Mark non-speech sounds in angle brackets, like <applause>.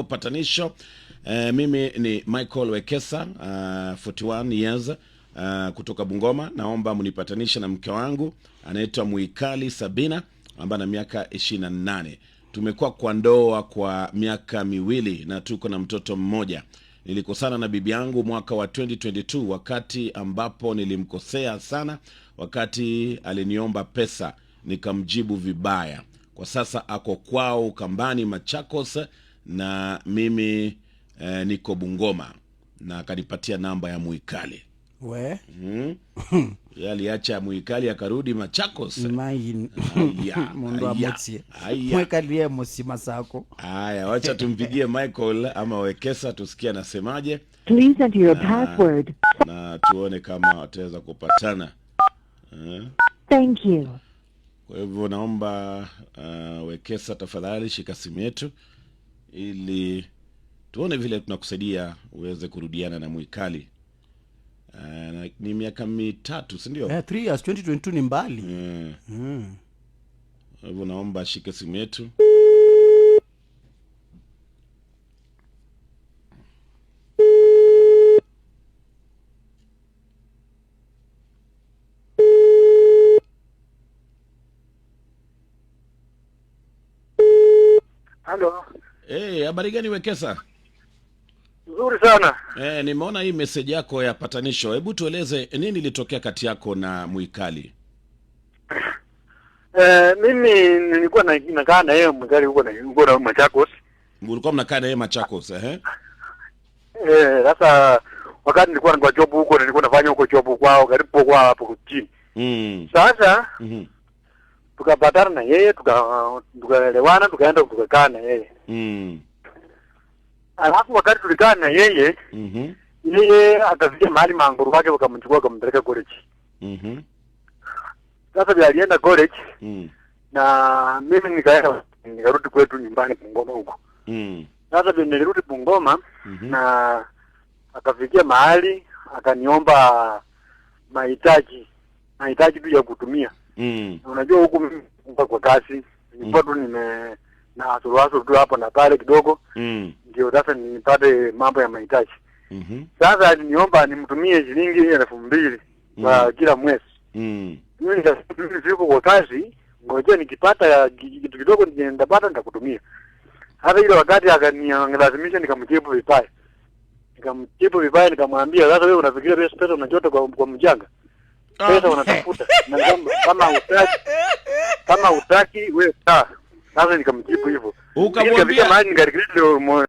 Upatanisho. Uh, eh, mimi ni Michael Wekesa uh, eh, 41 years uh, kutoka Bungoma. Naomba mnipatanishe na mke wangu anaitwa Muikali Sabina ambaye ana miaka 28. Tumekuwa kwa ndoa kwa miaka miwili na tuko na mtoto mmoja. Nilikosana na bibi yangu mwaka wa 2022 wakati ambapo nilimkosea sana, wakati aliniomba pesa nikamjibu vibaya. Kwa sasa ako kwao Kambani Machakos na mimi eh, niko Bungoma na akanipatia namba ya Muikali we mhm. mm. <laughs> Ye aliacha Muikali akarudi Machakos. <laughs> sako Haya, wacha tumpigie <laughs> Michael ama Wekesa tusikie anasemaje na, na tuone kama wataweza kupatana eh. Thank you. Kwa hivyo naomba uh, Wekesa tafadhali shika simu yetu ili tuone vile tunakusaidia uweze kurudiana na Mwikali. Uh, ni miaka mitatu, sindio Yeah, years 2022 ni mbali yeah. Mm. hivyo naomba ashike simu yetu Eh, hey, habari gani Wekesa? Nzuri sana eh, hey, nimeona hii message yako ya patanisho. Hebu tueleze nini ilitokea kati yako na Mwikali? <laughs> Eh, mimi nilikuwa na nakaa na yeye Mwikali huko na na Machakos. Ulikuwa mnakaa na yeye Machakos eh? Eh, sasa wakati nilikuwa na job huko na nilikuwa nafanya huko job kwao karibu kwa hapo chini. Mm. Sasa mm -hmm tukapatana na yeye tukaelewana, tukaenda tukakaa na yeye mm. Alafu wakati tulikaa na yeye mm -hmm. Yeye akafikia mahali maanguru wake wakamchukua wakampeleka college mm -hmm. Sasa vile alienda college mm. na mimi nikaenda nikarudi kwetu nyumbani Bungoma huko mm. Sasa vile nilirudi Bungoma mm -hmm. na akafikia mahali akaniomba mahitaji mahitaji tu ya kutumia mm. Unajua huku mimi kwa kasi nilikuwa tu nime na suruasu tu hapa na pale kidogo mm. Ndio sasa nipate mambo ya mahitaji mm -hmm. Sasa niomba nimtumie shilingi elfu mbili kwa mm. kila mwezi mm. Mimi niko kwa kazi, ngoja nikipata kitu kidogo nitapata nitakutumia. Hata ile wakati akanilazimisha, nikamjibu vibaya, nikamjibu vibaya, nikamwambia sasa, wewe unafikiria pesa unachota kwa, kwa mjanga pesa ah. unatafuta kama utaki, kama utaki wewe ah, Sasa nikamjibu hivyo, ukamwambia